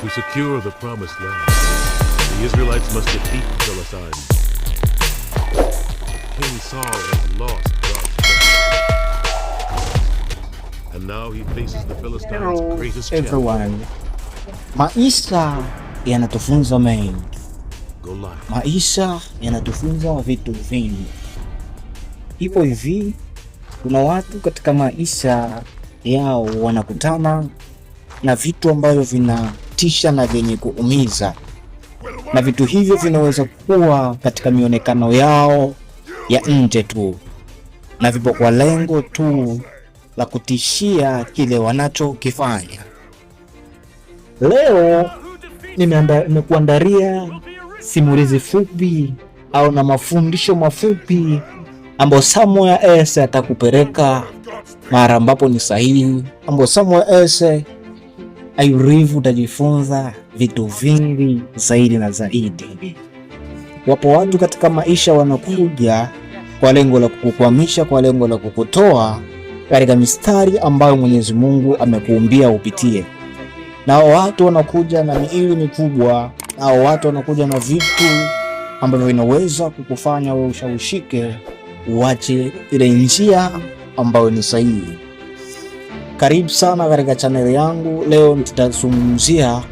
To secure the promised land, the Israelites must defeat the Philistines. King Saul has lost God's battle. And now he faces the Philistines' greatest everyone. Maisha yanatufunza e mengi. Maisha yanatufunza e vitu vingi. Ipo hivi, kuna watu katika maisha yao wanakutana na vitu ambavyo vina kutisha na vyenye kuumiza, na vitu hivyo vinaweza kuwa katika mionekano yao ya nje tu na vipo kwa lengo tu la kutishia kile wanachokifanya. Leo nimekuandaria simulizi fupi au na mafundisho mafupi ambao Samuel Esse atakupeleka mara ambapo ni sahihi, ambao Samuel Esse Ayurivu utajifunza vitu vingi zaidi na zaidi. Wapo watu katika maisha wanakuja kwa lengo la kukukwamisha, kwa lengo la kukutoa katika mistari ambayo Mwenyezi Mungu amekuumbia upitie. Nao watu wanakuja na miili mikubwa, nao watu wanakuja na vitu ambavyo vinaweza kukufanya wewe ushawishike, uache ile njia ambayo ni sahihi. Karibu sana katika chaneli yangu. Leo nitazungumzia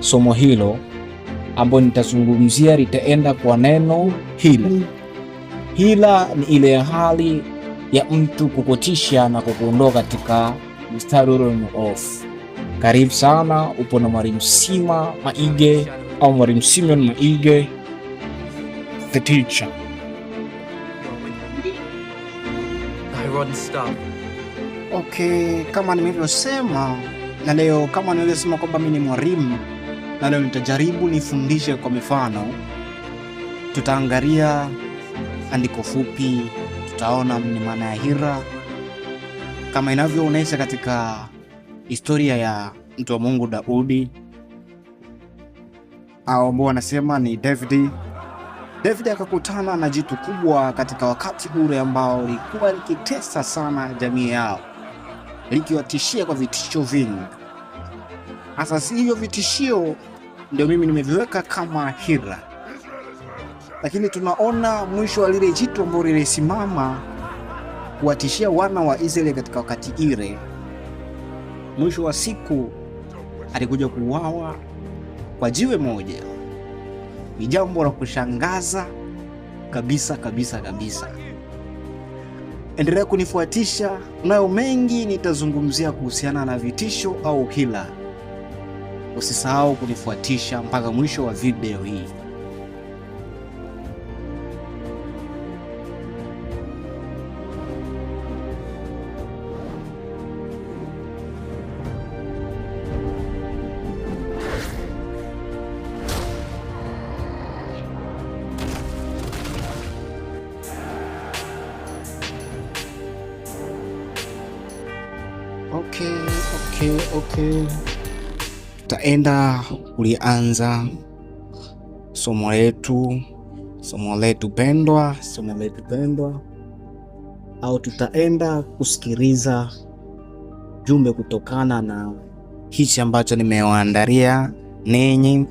somo hilo ambayo nitazungumzia litaenda kwa neno hila. Hila ni ile hali ya mtu kukutisha na kukuondoa katika mstari ule off. Karibu sana, upo na mwalimu Sima Maige au mwalimu Simeon Maige the teacher. Okay, kama nilivyosema na leo, kama nilivyosema kwamba mimi ni mwalimu, na leo nitajaribu nifundishe kwa mifano. Tutaangalia andiko fupi, tutaona ni maana ya hira kama inavyoonyesha katika historia ya mtu wa Mungu Daudi au ambao wanasema ni David. David akakutana na jitu kubwa katika wakati ule ambao lilikuwa likitesa sana jamii yao likiwatishia kwa vitisho vingi. si hivyo vitishio ndio mimi nimeviweka kama hira lakini tunaona mwisho wa lile jitu ambalo lilisimama kuwatishia wana wa Israeli katika wakati ile, mwisho wa siku alikuja kuuawa kwa jiwe moja. Ni jambo la kushangaza kabisa kabisa kabisa. Endelea kunifuatisha, nayo mengi nitazungumzia kuhusiana na vitisho au hila. Usisahau kunifuatisha mpaka mwisho wa video hii. Okay, okay, okay. Taenda ulianza somo letu, somo letu pendwa, somo letu pendwa, au tutaenda kusikiliza jumbe kutokana na hichi ambacho nimewaandalia ninyi.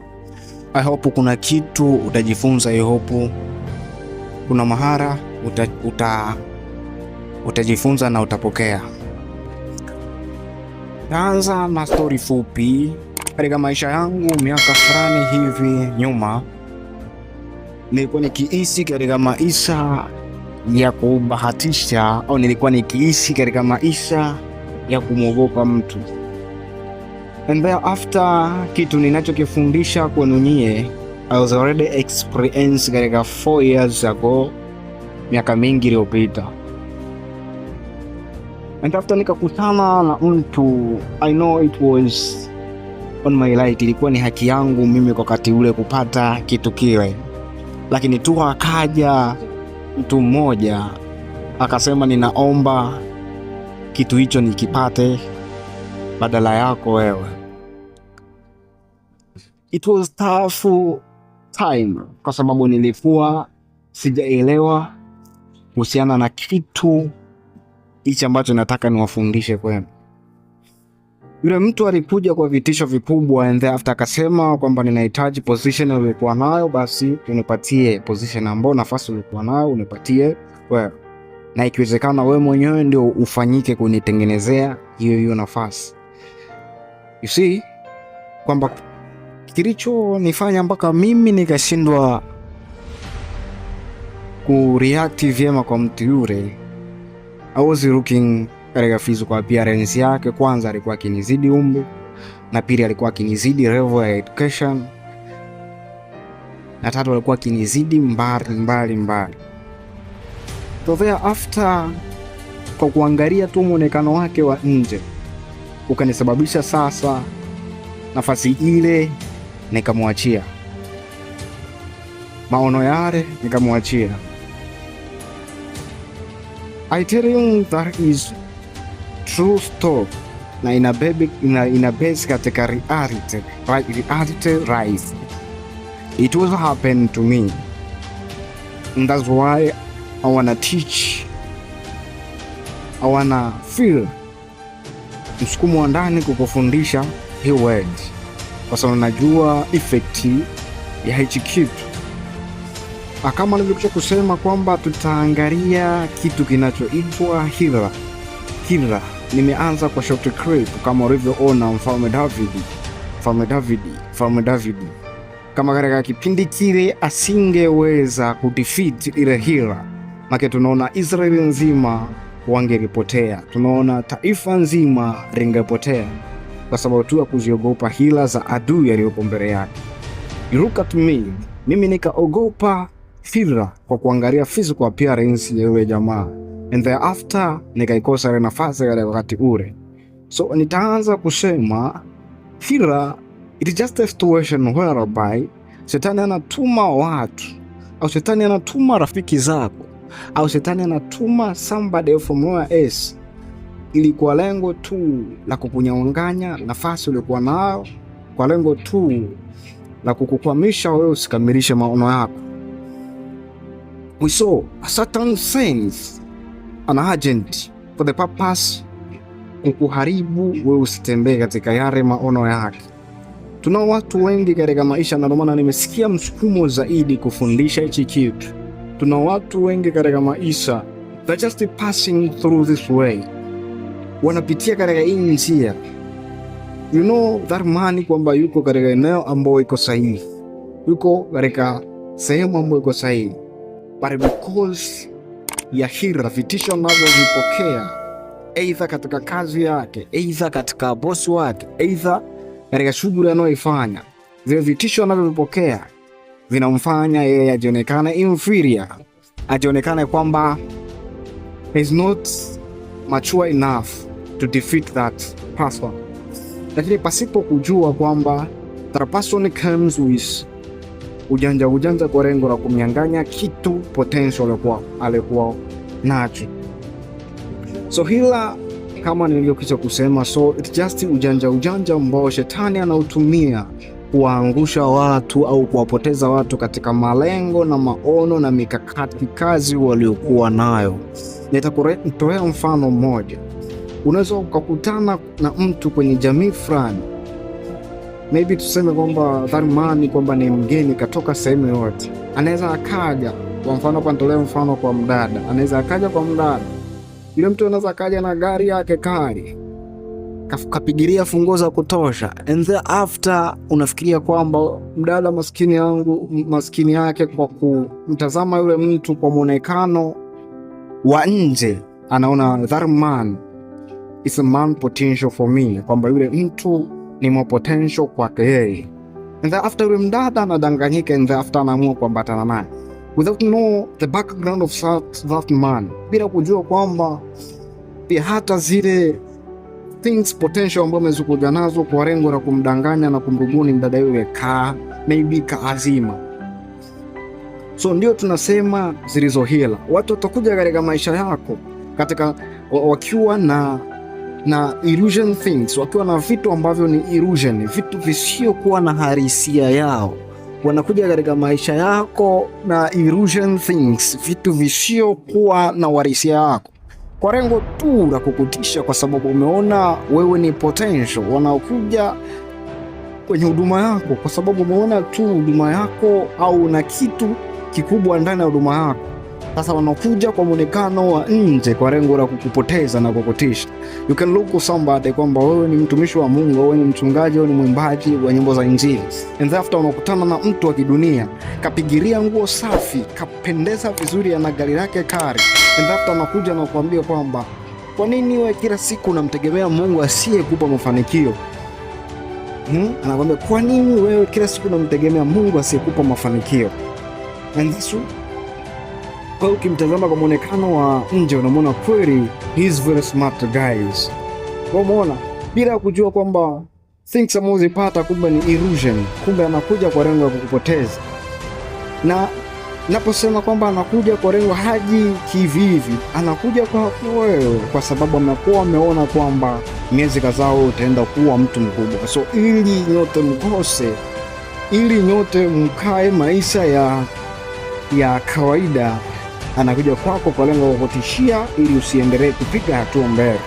I hope kuna kitu utajifunza. I hope kuna mahara uta, uta, utajifunza na utapokea. Naanza na stori fupi. Katika maisha yangu miaka fulani hivi nyuma, nilikuwa nikiishi katika maisha ya kubahatisha, au nilikuwa nikiishi katika maisha ya kumwogopa mtu. And after kitu ninachokifundisha kwenu nyie, I was already experienced katika 4 years ago, miaka mingi iliyopita and after nikakutana na mtu I know it was on my right, ilikuwa ni haki yangu mimi kwa wakati ule kupata kitu kile, lakini tu akaja mtu mmoja akasema, ninaomba kitu hicho nikipate badala yako wewe. It was tough time kwa sababu nilikuwa sijaelewa kuhusiana na kitu hichi ambacho nataka niwafundishe kwenu. Yule mtu alikuja kwa vitisho vikubwa, and after akasema kwamba ninahitaji position uliokuwa nayo, basi unipatie position ambayo nafasi ulikuwa nayo unipatie wewe, na ikiwezekana wewe mwenyewe ndio ufanyike kunitengenezea hiyo hiyo nafasi. You see kwamba kilichonifanya mpaka mimi nikashindwa kureact vyema kwa mtu yule I looking katika physical appearance yake. Kwanza alikuwa akinizidi umri, na pili alikuwa akinizidi level ya education, na tatu alikuwa akinizidi mbali mbali mbali. So after, kwa kuangalia tu mwonekano wake wa nje ukanisababisha sasa nafasi ile nikamwachia maono yale nikamwachia. I tell you that is true story na ina inabebe, ina, base katika reality, right reality life. It was happened to me and that's why I wanna teach, I wanna feel msukumo wa ndani kukufundisha hii word, kwa sababu najua effect ya hichi kitu Ah, kama nilivyokuja kusema kwamba tutaangalia kitu kinachoitwa hidra. Hidra nimeanza kwa short clip kama ulivyoona mfalme Davidi, mfalme david mfalme david Kama katika kipindi kile asingeweza kudefeat ile hidra, maana tunaona Israeli nzima wangeripotea tunaona taifa nzima lingepotea kwa sababu tu ya kuziogopa hila za adui aliyopo mbele yake. Look at me, mimi nikaogopa Fira kwa kuangalia physical appearance ya yule jamaa, and thereafter nikaikosa ile nafasi ya wakati ule. So nitaanza kusema Fira, it is just a situation whereby shetani anatuma watu au shetani anatuma rafiki zako au shetani anatuma somebody from where else ili kwa lengo tu la kukunyang'anya nafasi uliokuwa nayo, kwa lengo tu la kukukwamisha wewe usikamilishe maono yako we saw certain sends an agent for the purpose kukuharibu wewe usitembee katika yale maono yake. Tunao watu wengi katika maisha, na ndio maana nimesikia msukumo zaidi kufundisha hichi kitu. Tuna watu wengi katika maisha, they just passing through this way, wanapitia katika hii njia, you know that man, kwamba yuko katika eneo ambayo iko sahihi, yuko katika sehemu ambayo iko sahihi but because ya hila, vitisho navyovipokea aidha katika kazi yake, aidha katika bosi wake, aidha katika shughuli anayoifanya, vile vitisho anavyovipokea vinamfanya yeye ajionekane inferior, ajionekane kwamba he's not mature enough to defeat that person, lakini pasipo kujua kwamba that person comes with ujanja ujanja kwa lengo la kumnyang'anya kitu potential alikuwa alikuwa nacho. So hila kama nilivyokwisha kusema, so it just ujanja ujanja ambao shetani anautumia kuwaangusha watu au kuwapoteza watu katika malengo na maono na mikakati kazi waliokuwa nayo. Nitakutolea mfano mmoja. Unaweza ukakutana na mtu kwenye jamii fulani maybe tuseme kwamba dharumani kwamba ni mgeni katoka sehemu yoyote, anaweza akaja kwa mfano, kwa mfano kwa mdada, anaweza akaja kwa mdada, yule mtu anaweza akaja na gari yake kali kapigilia funguo za kutosha, and thereafter unafikiria kwamba mdada maskini yangu maskini yake, kwa kumtazama yule mtu kwa mwonekano wa nje, anaona dharuman man is a man potential for me, kwamba yule mtu ni more potential kwake yeye, and after yule mdada anadanganyika, and after anaamua kuambatana naye without know the background of that man, bila kujua kwamba hata zile things potential ambazo amezikuja nazo kwa lengo la kumdanganya na kumrubuni mdada yule ka maybe ka azima. So ndio tunasema zilizohila, watu watakuja katika maisha yako katika wakiwa na na illusion things, wakiwa na vitu ambavyo ni illusion, vitu visiokuwa na harisia yao wanakuja katika maisha yako na illusion things, vitu visiokuwa na uharisia yako, kwa lengo tu la kukutisha, kwa sababu umeona wewe ni potential. Wanakuja kwenye huduma yako kwa sababu umeona tu huduma yako au na kitu kikubwa ndani ya huduma yako. Sasa wanakuja kwa mwonekano wa nje kwa lengo la kukupoteza na kukutisha. You can look somebody kwamba wewe ni mtumishi wa Mungu, wewe ni mchungaji, wewe ni mwimbaji wa nyimbo za Injili, and after unakutana na mtu wa kidunia, kapigiria nguo safi, kapendeza vizuri, ana gari lake kari, and after anakuja na kuambia kwamba kwa nini wewe kila siku unamtegemea Mungu asiyekupa mafanikio? Hmm? Anakwambia kwa nini wewe kila siku unamtegemea Mungu asiyekupa mafanikio? And this kwa ukimtazama kwa mwonekano wa nje unamwona kweli he's very smart guys. Kwa umeona bila kujua kwamba things amozipata kumbe ni illusion, kumbe anakuja kwa lengo la kukupoteza. Na naposema kwamba anakuja kwa lengo, haji kivivi, anakuja kwa wewe kwa sababu amekuwa ameona kwamba miezi kazao utaenda kuwa mtu mkubwa, so ili nyote mkose, ili nyote mkae maisha ya ya kawaida anakuja kwako kwa lengo la kukutishia ili usiendelee kupiga hatua mbele.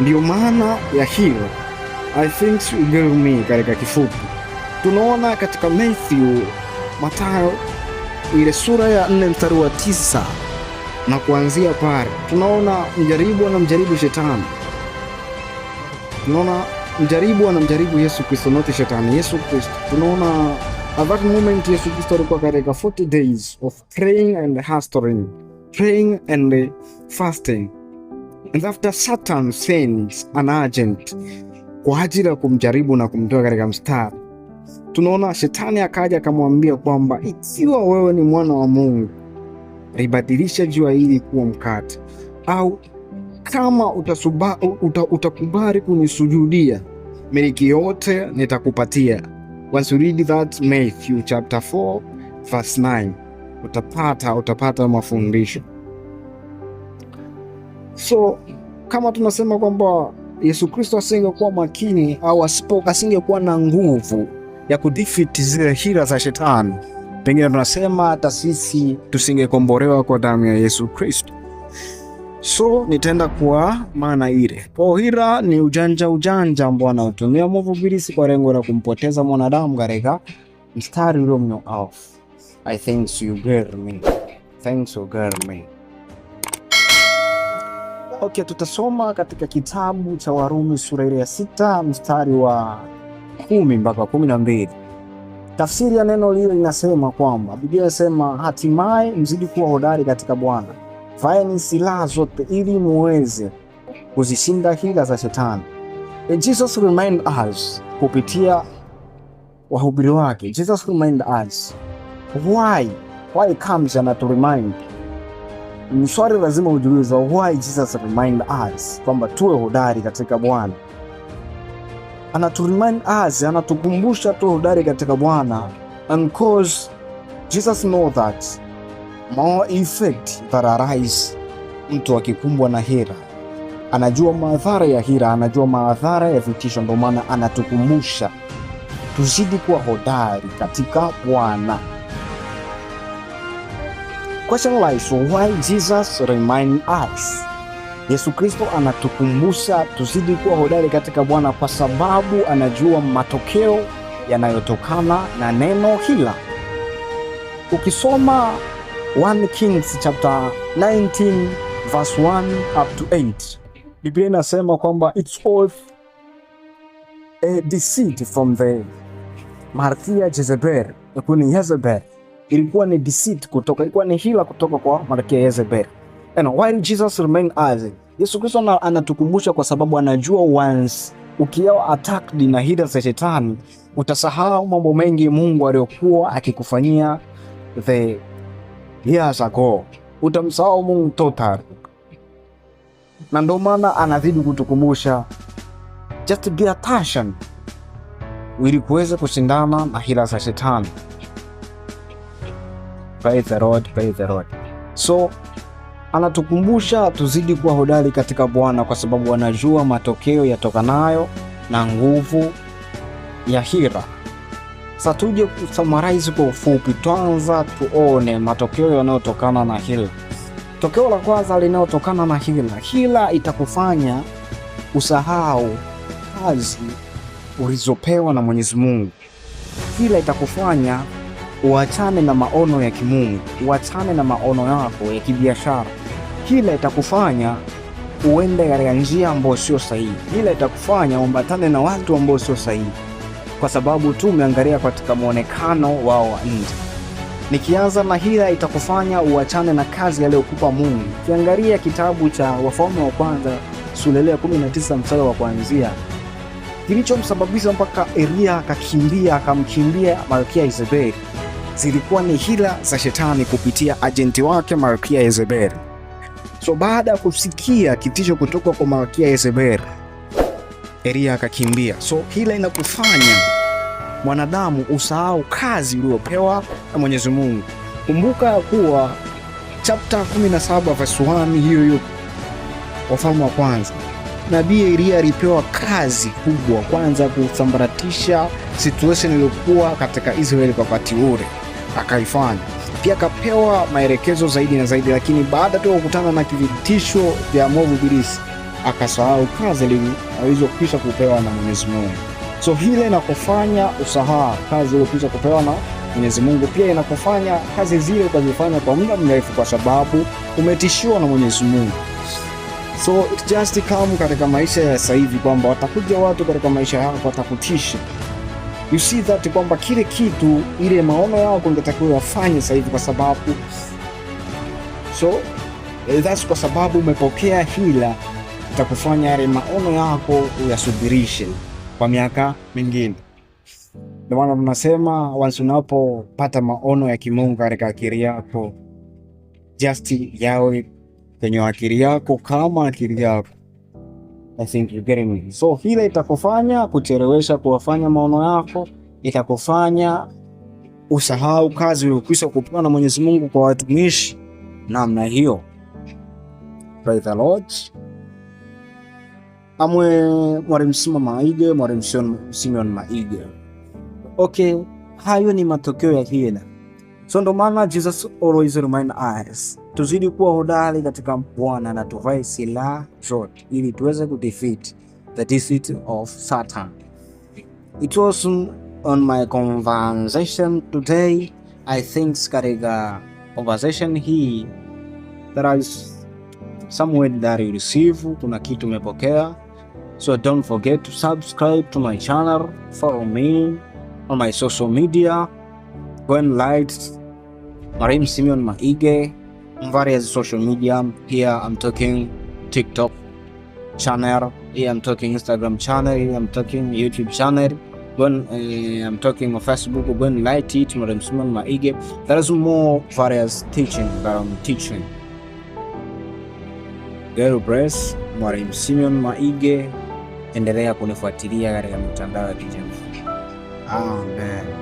ndio maana ya hilo I think you get me katika kifupi. Tunaona katika Matthew Mathayo ile sura ya 4 mstari wa tisa na kuanzia pale tunaona mjaribu anamjaribu shetani, tunaona mjaribu anamjaribu Yesu Kristo, noti shetani, Yesu Kristo, tunaona At that moment Yesu Kristo alikuwa katika 40 days of praying and fasting, praying and fasting. And after Satan sends an agent kwa ajili ya kumjaribu na kumtoa katika mstari, tunaona shetani akaja akamwambia kwamba ikiwa wewe ni mwana wa Mungu, ibadilisha jua hili kuwa mkate, au kama utakubari uta, utakubali kunisujudia miliki yote nitakupatia. Once you read that Matthew chapter 4 verse 9 utapata utapata mafundisho. So kama tunasema kwamba Yesu Kristo asingekuwa makini au asingekuwa na nguvu ya kudefeat zile hila za shetani, pengine tunasema hata sisi tusingekombolewa kwa damu ya Yesu Kristo so nitaenda kuwa maana ile. Pohira ni ujanja ujanja ambao anaotumia virisi kwa lengo la kumpoteza mwanadamu gareka mstari ule off I think you get me. Thanks you get me. Okay, tutasoma katika kitabu cha Warumi sura ile ya sita mstari wa kumi mpaka kumi na mbili. Tafsiri ya neno lile linasema kwamba Biblia inasema hatimaye mzidi kuwa hodari katika Bwana vaeni silaha zote ili muweze kuzishinda hila za shetani. And Jesus remind us kupitia wahubiri wake. Jesus remind us why why comes and to remind. mswari, lazima ujiulize why Jesus remind us kwamba tuwe hodari katika Bwana. Anatu remind us, anatukumbusha tuwe hodari katika Bwana and cause Jesus know that more effect that arise. Mtu akikumbwa na hira anajua madhara ya hira anajua madhara ya vitisho. Ndio maana anatukumbusha tuzidi kuwa hodari katika Bwana. Question lies why Jesus remind us Yesu Kristo anatukumbusha tuzidi kuwa hodari katika Bwana kwa sababu anajua matokeo yanayotokana na neno hila. Ukisoma 1 Kings chapter 19 verse 1 up to 8. Biblia inasema kwamba it's all a deceit from the Malkia Jezebel. ilikuwa Ni Jezebel. Ilikuwa ni deceit kutoka, ilikuwa ni hila kutoka kwa Malkia Jezebel. And while Jesus remained as Yesu Kristo anatukumbusha kwa sababu anajua once ukiwa attacked na hila za shetani utasahau mambo mengi Mungu aliyokuwa akikufanyia the nia zako, utamsahau Mungu totally, na ndio maana anazidi kutukumbusha just pay attention, ili kuweza kushindana na hila za shetani. Praise the Lord, praise the Lord. So anatukumbusha tuzidi kuwa hodari katika Bwana kwa sababu anajua matokeo yatokanayo na nguvu ya hila. Sasa tuje kusummarize kwa ufupi, tuanza tuone matokeo yanayotokana na hila. Tokeo la kwanza linalotokana na hila, hila itakufanya usahau kazi ulizopewa na Mwenyezi Mungu. Hila itakufanya uachane na maono ya kimungu, uachane na maono yako ya kibiashara. Hila itakufanya uende katika njia ambayo sio sahihi. Hila itakufanya uambatane na watu ambao sio sahihi kwa sababu tu umeangalia katika muonekano wao wa nje. Nikianza na hila itakufanya uachane na kazi aliyokupa Mungu. Ukiangalia kitabu cha Wafalme wa Kwanza sura ya 19 mstari wa kuanzia, kilichomsababisha mpaka Elia akakimbia akamkimbia Malkia Yezebeli zilikuwa ni hila za shetani kupitia ajenti wake Malkia Yezebeli. So baada ya kusikia kitisho kutoka kwa Malkia Yezebeli Elia akakimbia. So hila inakufanya mwanadamu usahau kazi uliopewa na Mwenyezi Mungu. Kumbuka kuwa chapter 17 verse 1 hiyo hiyo Wafalme wa Kwanza, nabii Elia alipewa kazi kubwa, kwanza kusambaratisha situation iliyokuwa katika Israeli kwa wakati ule, akaifanya pia akapewa maelekezo zaidi na zaidi, lakini baada tu ya kukutana na kivitisho vya mwovu Ibilisi akasahau kazi alizokwisha kupewa na Mwenyezi Mungu. So hile inakufanya usaha kazi iliyokwisha kupewa na Mwenyezi Mungu, pia inakufanya kazi zile ukazifanya kwa muda mrefu, kwa sababu umetishiwa na Mwenyezi Mungu. So it just come katika maisha ya sasa hivi kwamba watakuja watu katika maisha yako watakutisha. You see that kwamba kile kitu ile maono yako ungetakiwa wafanye sasa hivi, kwa sababu so eh, that's kwa sababu umepokea hila itakufanya yale maono yako uyasubirishe kwa miaka mingine. Ndio maana tunasema once unapopata maono ya kimungu katika akili yako, just yawe kwenye akili yako kama akili yako I think you get me. So hile itakufanya kuchelewesha kuwafanya maono yako, itakufanya usahau kazi uliokwisha kupewa na Mwenyezi Mungu kwa watumishi namna hiyo. Praise the Lord amwe Mwalimu Sima Maige, Mwalimu Simeon Maige. Okay, hayo ni matokeo ya hila. So ndo maana Jesus always remind us tuzidi kuwa hodari katika Bwana na tuvae silaha zote ili tuweze ku defeat the deceit of Satan. It was on my conversation today. I think katika conversation hii there is some word that you receive, kuna kitu umepokea So don't forget to subscribe to my channel, follow me on my social media, go Lights, Marim Simeon Maige on various social media. Here I'm talking TikTok channel, here I'm talking Instagram channel, here I'm talking YouTube channel. When uh, I'm talking on Facebook, go Light it, Marim Simeon Maige. There's more various teaching that I'm teaching. God Press, Marim Simeon Maige endelea kunifuatilia katika mitandao ya kijamii. Amen.